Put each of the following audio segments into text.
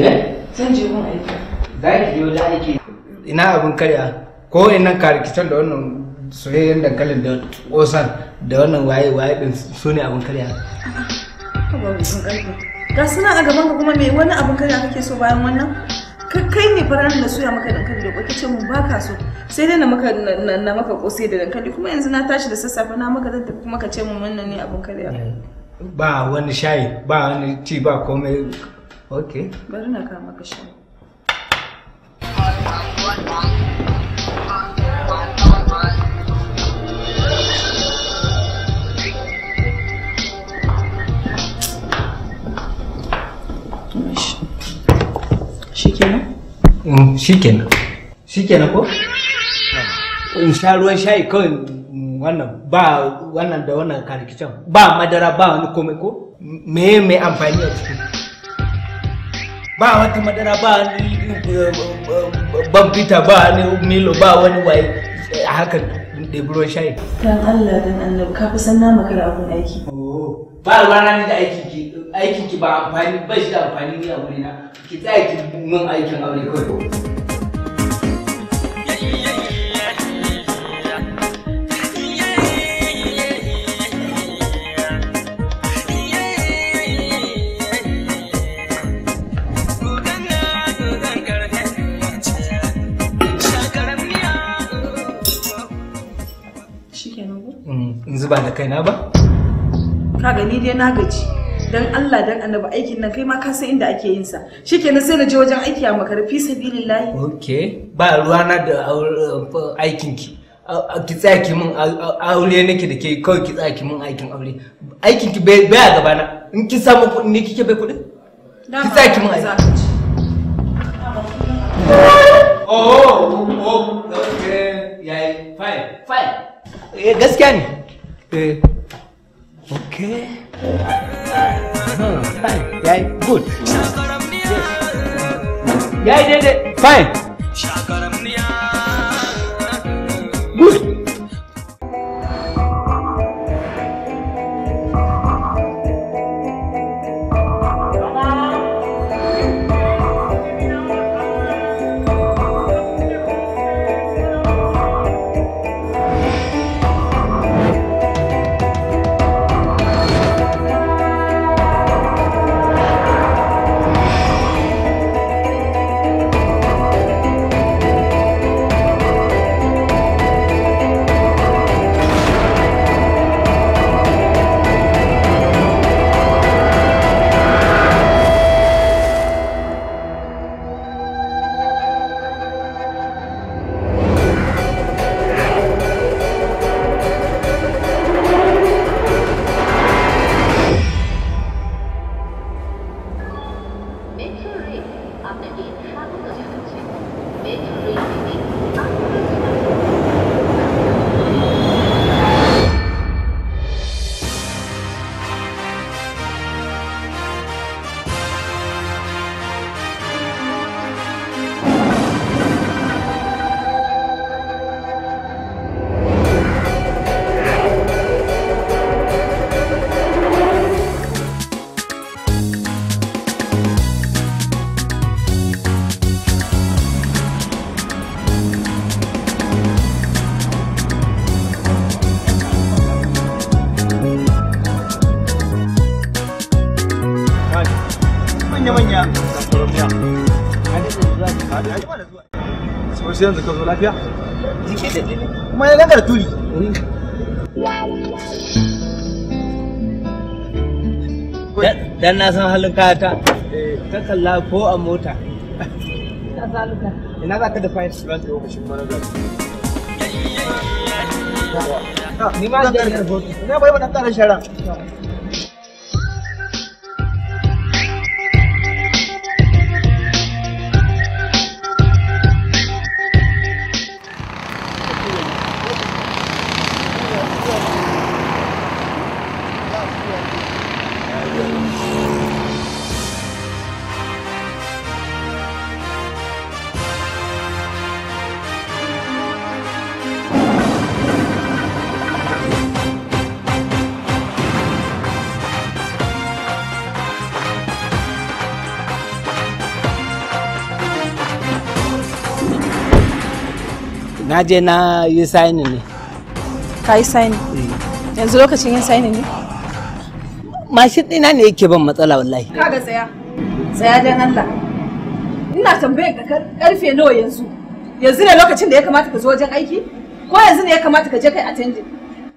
Eh? za ki ina abin karya ko ina karkitar da wannan soyayyen dankalin da kosan da wannan waye waye din su ne abin karya ga suna a gaban ka kuma me wani abin karya kake so bayan wannan kai ne farar da suya maka dankali da kwace mu baka so sai dai na maka na maka kosai da dankali kuma yanzu na tashi da sassafe na maka zan tafi kuma ka ce mu wannan ne abin karya ba wani shayi ba wani ci ba komai okay. bari na kama ka shi shikenan mm, shikenan ko in sha ruwan shayi kawai mm, wannan ba wannan da wannan karikicin ba madara ba wani komai ko me mai amfani a ciki ba wata madara ba ban fita ba ni milo ba wani waye a hakan ɗebi ruwan shayi. Dan Allah dan Allah ka fi san na makara abun aiki. Oh, ba rana ni da aikin ki aiki ki ba amfani ba shi da amfani ni a wurina ki tsaya ki mun aikin aure kawai. kaina ba ka gani dai na gaji dan Allah dan annabi aikin nan kai ma ka san inda ake yin sa shikenan sai na je wajen aiki a makarfi sabilillahi okay ba na da aikin ki ki tsaki min aure nake da ke kawai ki tsaki min aikin aure aikin ki bai a gaba na in ki samu kuɗi ne kike bai kuɗi ki tsaki min aiki oh, oh oh okay Yeah, fine fine eh gaskiya ne Hey. Okay. No, hmm, no, fine. Yeah, good. Yes. Yeah, yeah, yeah. Fine. sai yanzu ka zo lafiya jike da jini kuma ya turi dan na san halin kayata ta eh, kalla ko a mota ina za ka da fayar ah, shirin ta lokacin ni ma da ina bai ba shara je na yi saini ne ka yi eh. yanzu lokacin yin sainin ne mashin ɗina ne yake ban matsala wallahi ga tsaya tsaya dan Allah ina tambayar ka karfe nawa yanzu yanzu ne lokacin da ya kamata ka zo wajen aiki ko yanzu ne ya kamata ka je kai attending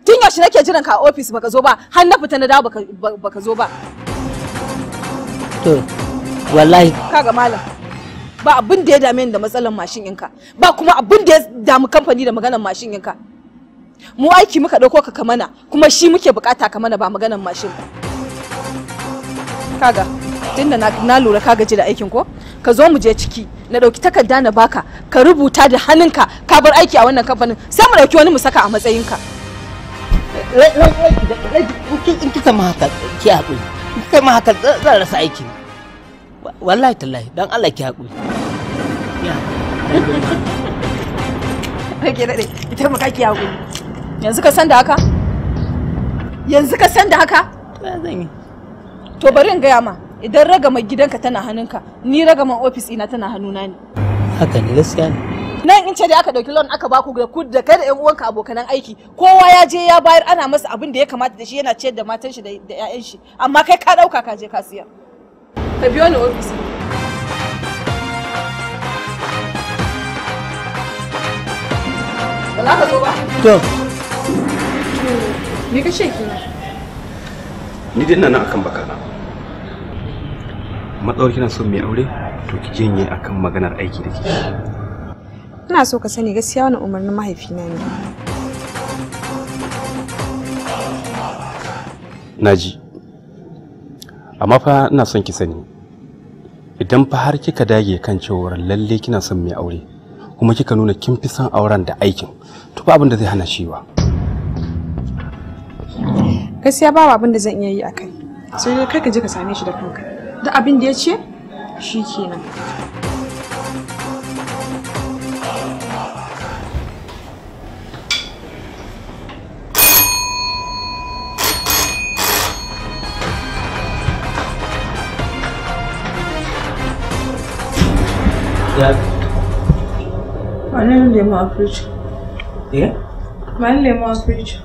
tun yaushe nake jiran ka a ofis baka zo ba har na fita na dawo baka zo ba to wallahi kaga malam ba abin da ya dame ni da matsalar mashin ɗinka ba kuma abin da ya damu kamfani da maganar mashin ɗinka mu aiki muka ɗauko ka kamana kuma shi muke bukata kamana ba maganar mashin kaga tunda na, na lura ka gaji da aikin ko ka zo mu je ciki na ɗauki takarda na baka ka rubuta da hannunka ka bar aiki a wannan kamfanin sai mu ɗauki wani mu saka a matsayinka in ma haka zan rasa aikin wallahi tallahi dan Allah ki haƙuri ya rage ita maka ki haƙuri yanzu ka san da haka yanzu ka san da haka zan yi to bari in gaya ma idan ragama gidanka tana hannunka ni ragama ofis ina tana hannuna ne haka ne gaskiya ne nan in ce da aka dauki loan aka baku da kudi da kai da yan uwanka abokanan aiki kowa ya je ya bayar ana masa abin da ya kamata da shi yana ciyar da matan shi da 'ya'yan shi amma kai ka dauka ka je ka siyar ka biyo ni ofis ba za ka zo ba to me ka ce kina ni dai ina nan akan bakana matsawar kina son mai aure to ki janye akan maganar aiki da ke ina so ka sani gaskiya wani umarnin mahaifina ne naji amma fa ina son ki sani idan fa har kika dage kan cewa lalle kina son mai aure kuma kika nuna kin fi son auren da aikin to ba abin da zai hana shi ba gaskiya ba abin da zan iya yi akai sai dai kai ka je ka same shi da kanka duk abin da ya ce shikenan Jack. My name is Lemo Bridge. Yeah? My name is Lemo Bridge.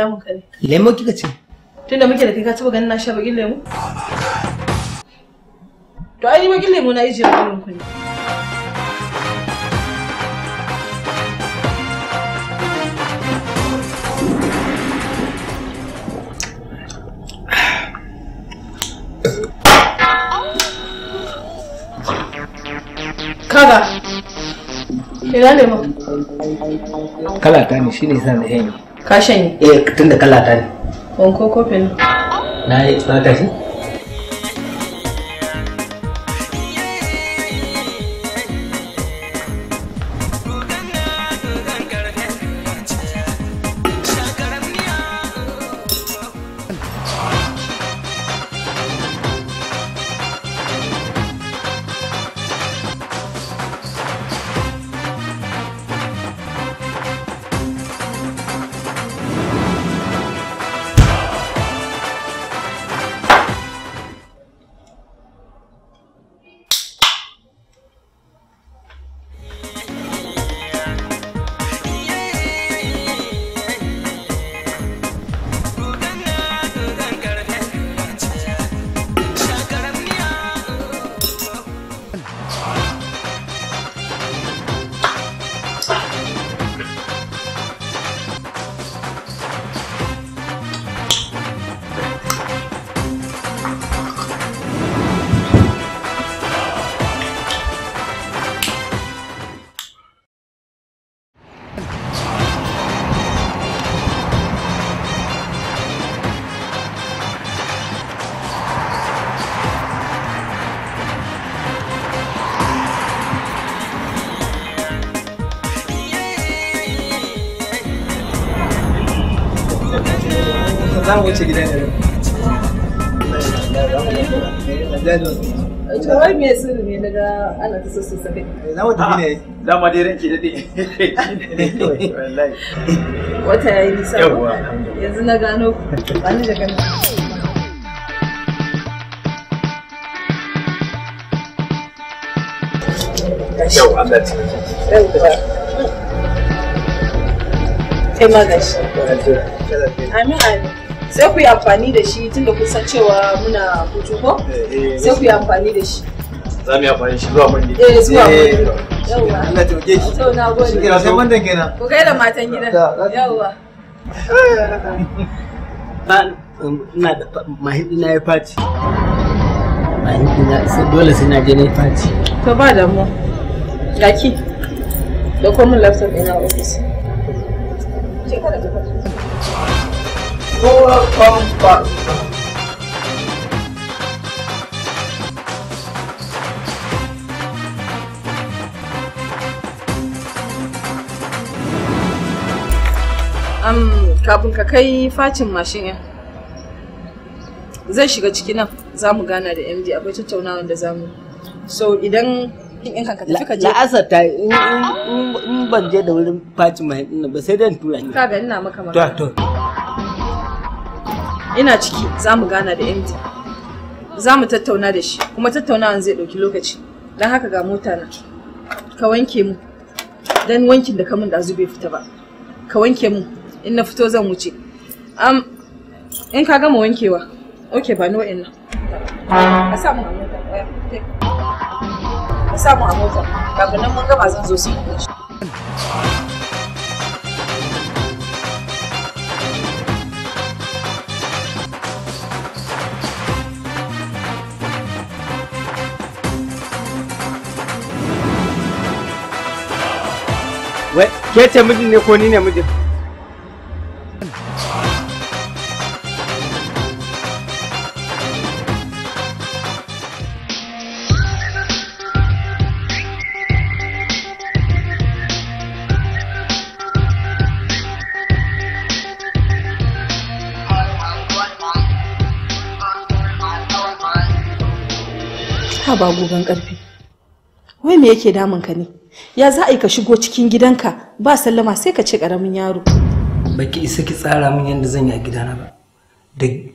damun ka ne? Lemo kika ce? Tunda muke da kai ka taba ganin na sha bakin lemo? To ai bakin lemo na ijiye ku ne. Kaga, ina lemo? Kala ta ne shine sa na yanyi. ka shanye eh tunda kala ta ne wanko kofin na yi tsaka shi za mu wuce gidan da wai me sirri ne daga ana ta so sosai eh, za mu tafi ne za dai ranki dade wallahi wata yayi nisa yanzu na gano ba ni da gano yau an dace. Kai ma gashi. Amin amin. sai ku yi amfani da shi tun da san cewa muna hutu ko eh, eh, sai ku yi amfani da shi za mu yi amfani shi zuwa mandi eh zuwa eh, mandi yawa Allah shi to na gode kira sai wannan kenan ku kai da matan gidan yawa um, ina da mahidi na ya faci mahidi na dole sai na je na ya faci to ba da mu gaki da kuma laptop ina office shekara da Solar Farm Um, kafin ka kai facin mashin yan zai shiga ciki nan za mu gana da md akwai tattaunawa da zamu so idan in ka tafi ka je la'asar ta in ban je da wurin facin mashin ba sai dan tura ni kaga ina maka magana to to ina ciki za mu gana da MD za mu tattauna da shi kuma tattaunawan zai ɗauki lokaci don haka ga mota na ka wanke mu don wankin da kamun da bai fita ba ka wanke mu in na fito zan wuce am in ka gama wankewa ok ba no in a sa mu a mota a sa mu a mota kafin nan mun gama zan zo sai mu wuce ke ce mijin ne ko ni ne mijin ba gogon karfi wai me yake damun ka ne ya za a yi ka shigo cikin gidanka ba sallama sai ka ce karamin yaro baki isa ki tsara min yadda zan yi a gidana ba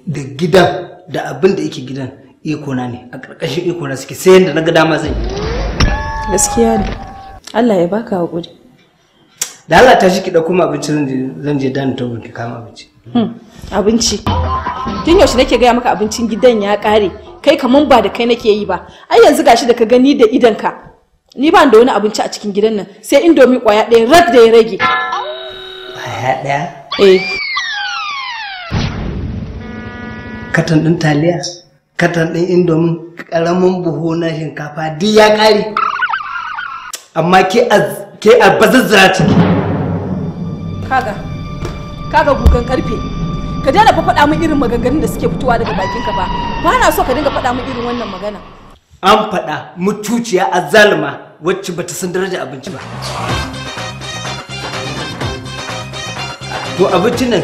da gidan da abin da yake gidan ikona ne a ƙarƙashin ikona suke sai yadda na ga dama zan yi gaskiya ne Allah ya baka hakuri da Allah ta shi ki dauko abinci zan je dan to ki kama abinci hmm, abinci tun yaushe nake gaya maka abincin gidan ya kare kai kaman ba da kai nake yi ba ai yanzu gashi da ka gani da idanka ni ban da wani abinci a cikin gidan nan sai indomi kwaya ɗaya rat da ya rage kwaya ɗaya eh katan ɗin taliya katan ɗin indomin ƙaramin buhu na shinkafa duk ya ƙare amma ke a bazazzara ciki kaga kaga gugan karfe ka daina fa faɗa min irin maganganun da suke fitowa daga bakinka ba ba na so ka dinga faɗa min irin wannan magana an faɗa mutuciya a zalima wacce bata san daraja abinci ba to abincin nan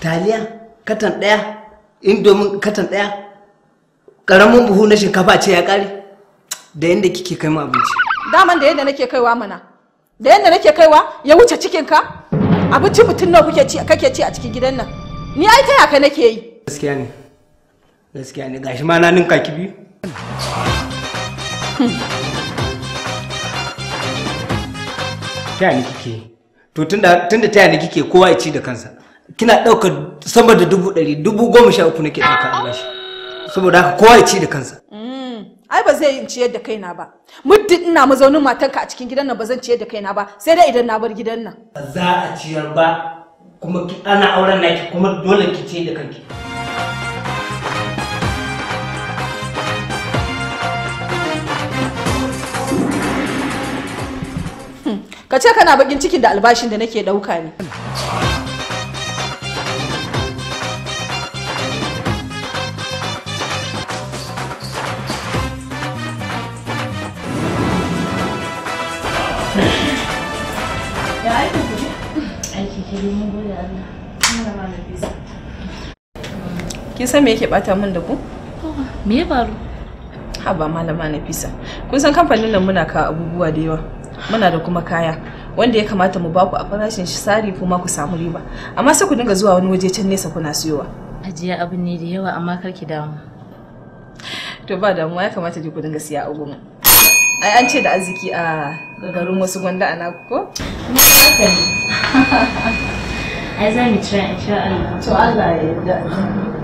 taliya katan ɗaya indomin katan ɗaya ƙaramin buhu na shinkafa ce ya ƙare da yadda kike kai mu abinci daman da yadda nake kaiwa mana da yadda nake kaiwa ya wuce cikinka abinci mutum nawa kuke ci kake ci a cikin gidan nan ni ai taya ka nake yi gaskiya ne gaskiya ne gashi ma na ninka ki biyu ta ni kike to tunda tunda ta ni kike kowa ya ci da kansa kina ɗaukar sama da dubu ɗari dubu goma sha uku nake ɗauka albashi saboda haka kowa ya ci da kansa mm. ai ba zai in ciyar da kaina ba muddin ina mazaunin matanka a cikin gidan nan ba zan ciyar da kaina ba sai dai idan na bar gidan nan za a ciyar ba kuma ana auren naki kuma dole ki ci da kanki ka ce kana bakin cikin da albashin da nake dauka ne kin san me yake bata min da ku me ya faru haba malama nafisa kun san kamfanin nan muna ka abubuwa da yawa muna da kuma kaya wanda ya kamata mu baku a farashin shi sari kuma ku samu riba amma sai ku dinga zuwa wani waje can nesa kuna siyowa ajiya abin ne da yawa amma kar ki damu to ba damuwa ya kamata ku dinga siya a gumin ai an ce da arziki a garin wasu gwanda a naku ko ni haka ne ai za mu try insha Allah to Allah ya yarda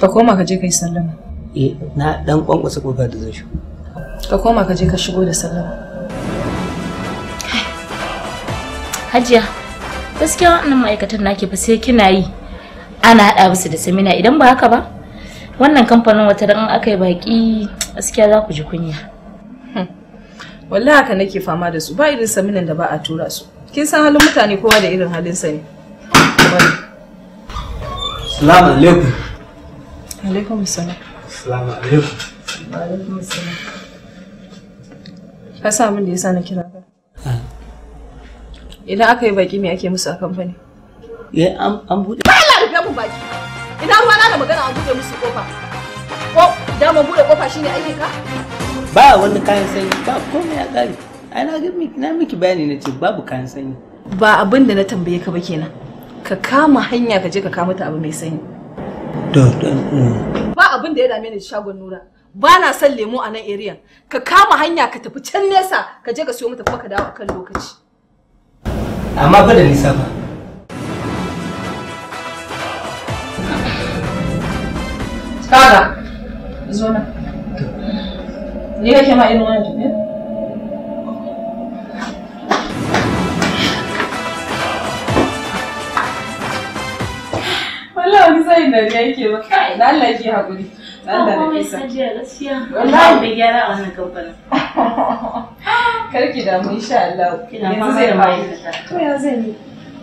Ka koma ka je ka yi sallama. Eh, na dan kwankwasa kofa da zai shigo. Ka koma ka je ka shigo da sallama. Hajiya, gaskiya wannan ma'aikatan nake fa sai kina yi. Ana haɗa musu da samina idan ba haka ba. Wannan kamfanin wata dan aka yi baki gaskiya za ku ji kunya. Hmm. Wallahi haka nake fama da su ba irin saminan da ba a tura su. Kin san halin mutane kowa da irin sa ne. Salamu alaikum. alaikum salam assalamu alaikum wa alaikum salam ka sa min da yasa na kira ka ah. idan aka yi baki me ake musu a kamfani ya eh, an bude ba la rufe mu baki idan ruwa na da magana an bude musu kofa ko dama bude kofa shine ake ka ba wani kayan sanyi ba komai ya kare ai na ga miki na miki bayani na ce babu kayan sanyi ba abin da na tambaye ka ba kenan ka kama hanya ka je ka kama ta abu mai sanyi Mm. Ba abin da ya dame ni shagon Nura. Ba na son lemo a nan area. Ka kama hanya ka tafi can nesa ka je ka siyo mata kuma ka dawo akan lokaci. Amma fa da nisa fa. Kaga, zo na. Ni kake ma irin wani tafiya? sa wani sayin da ya yake ba na Allah ki haƙuri na Allah na isa wallahi da gyara a wannan kamfanin karki damu insha Allah yanzu zai ba to ya zai yi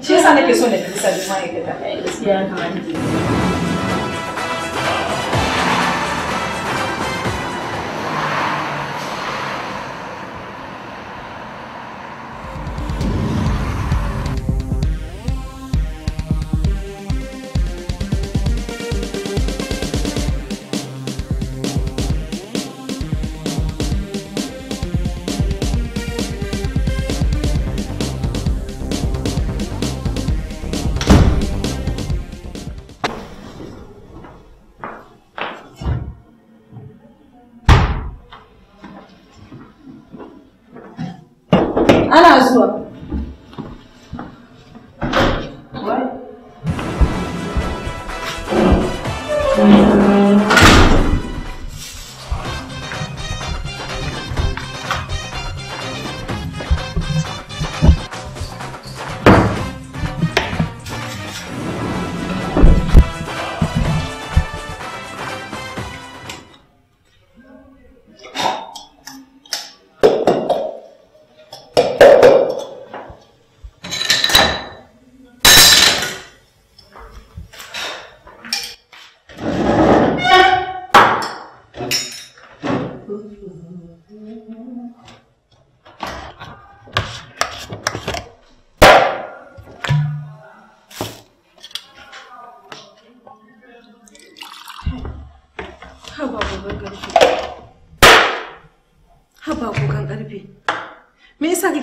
shi yasa nake so na bisa da ma'aikata gaskiya kamar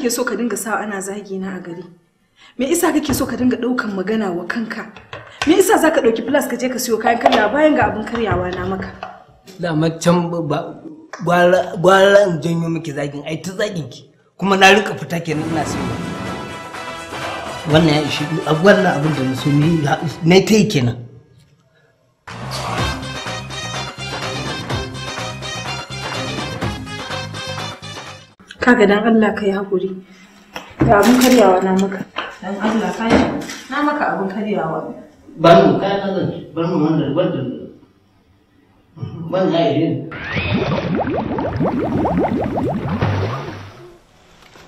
kake so ka dinga sawa ana zagi na a gari me isa kake so ka dinga ɗaukan magana wa kanka me isa za ka ɗauki plus ka je ka siyo kayan kalla bayan ga abin karyawa na maka da can gwara in janyo miki zagin ai ta zagin ki kuma na rika fita kenan ina siyo wannan ya ishi wannan abin da na so ne ta yi kenan kaga dan Allah ka yi haƙuri ga abin karyawa na maka dan Allah ka yi na maka abin karyawa Ban mu kai ka zan bar mu wanda wanda wanda ya yi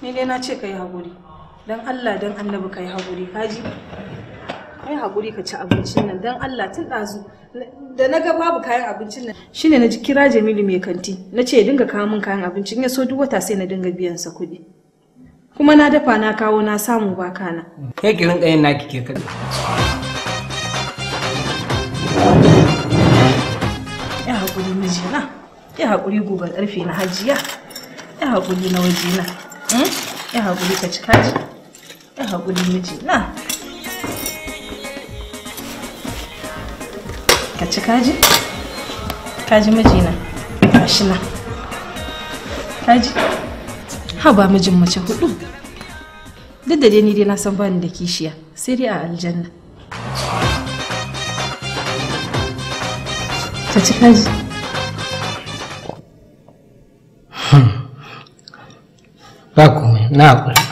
ni dai na ce ka yi haƙuri dan Allah dan annabi ka yi haƙuri ka ji kai haƙuri ka ci abincin nan don Allah tun ɗazu da na ga babu kayan abincin nan shine na ji kira Jamilu mai kanti na ce ya dinga kawo min kayan abincin ya so duk wata sai na dinga biyan sa kuɗi kuma na dafa na kawo na samu ba kana kai ki rinka naki ke kaɗai ya haƙuri mijina ya haƙuri gugan ƙarfe na hajiya ya haƙuri na wajena ya hmm? haƙuri ka ci kaji ya haƙuri mijina ci kaji kaji mijina gashi nan kaji ha ba mijin mace hudu duk da dai ni dai na san bani da kishiya sai dai a aljanna Kaci ci kaji hmm. ba komai na hakuri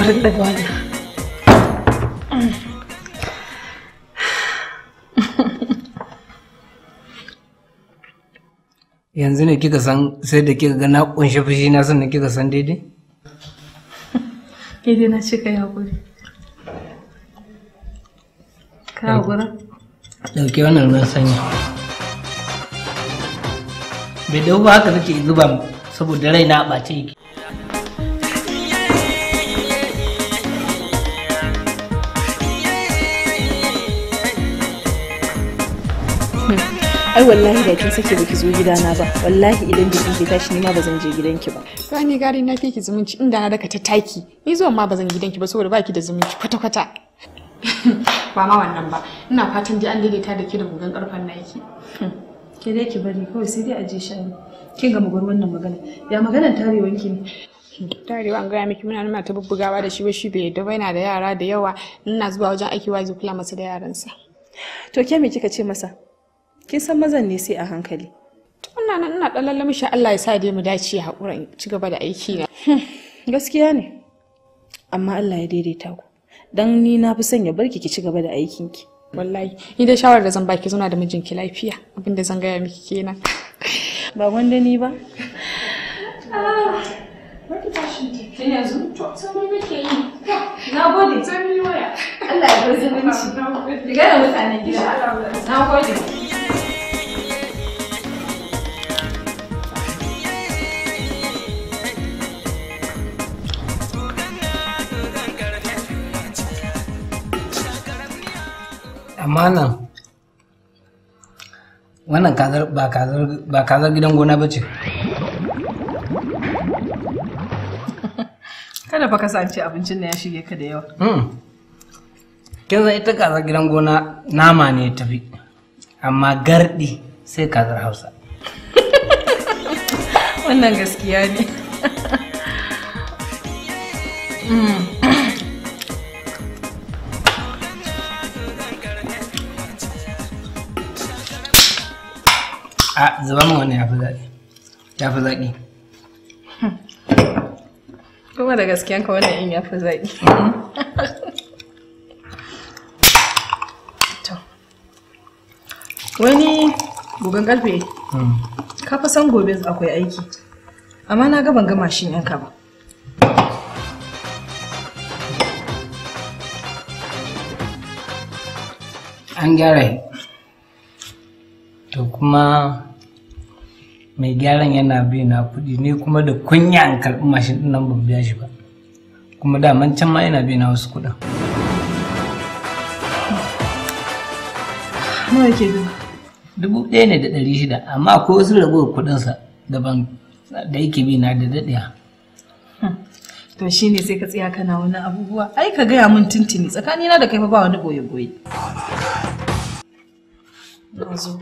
bari ɗaga yanzu ne kika san sai da kika ga na kunshi fushi na san sannan kika san daidai daidai na cika ya kuri. ka gura dauke wannan ruwan sanyi bai dau ba haka nake zuba saboda rai na ɓace yake ai wallahi da kin sake baki zo gidana ba wallahi idan da kin tashi nima ma ba zan je gidanki ba gani gari na kike zumunci inda na daka ta taki ni zuwan ma ba zan gidanki ba saboda baki da zumunci kwata kwata ba ma wannan ba ina fatan dai an daidaita da ke da gugan karfan naki ke dai ki bari kawai sai dai a je shani kin ga magar wannan magana ya maganar tarewanki ne tarewa an gaya miki muna nuna ta bubbugawa da shi ba shi bai yadda ba yana da yara da yawa ina zuwa wajen aiki wa kula masa da yaransa to ke me kika ce masa kin san mazan ne sai a hankali to ina nan ina dan lallami sha Allah ya sa dai mu dace ya hakura in ci gaba da aiki na hmm, gaskiya ne amma Allah ya daidaita ku dan ni na fi son ya barki ki ci gaba da aikin ki wallahi ni da shawarar da zan baki zuna da ki lafiya abinda zan gaya miki kenan ba wanda ni ba ah, Na gode. Allah ya bar zumunci. Diga da mutanen gida. Na gode. nan wannan ba kazar gidan gona ba ce kada fa kasance abincin da ya shige ka da yawa hmm. kin san ita kazar gidan gona nama ne tafi amma gardi sai kazar hausa wannan gaskiya ne hmm. a zuba min wannan yafi zaƙi yafi zaƙi kuma da gaskiyan ka wannan in yafi zaƙi wani gugan ƙarfe, hmm. ka fa san gobe akwai aiki amma na ga ban ga mashin ka ba an gyara to kuma mai gyaran yana bi na kuɗi ne kuma da kunya an karɓi mashin ɗin nan ban biya shi ba kuma daman can ma yana bi na wasu kuɗin. Nawa yake Dubu ɗaya ne da ɗari shida amma akwai wasu ragowar kuɗinsa daban da yake bi na da daɗiya. Hmm. To shi ne sai ka tsaya kana wani abubuwa ai ka gaya mun tuntuni tsakanina da kai fa ba wani boye-boye. Na zo.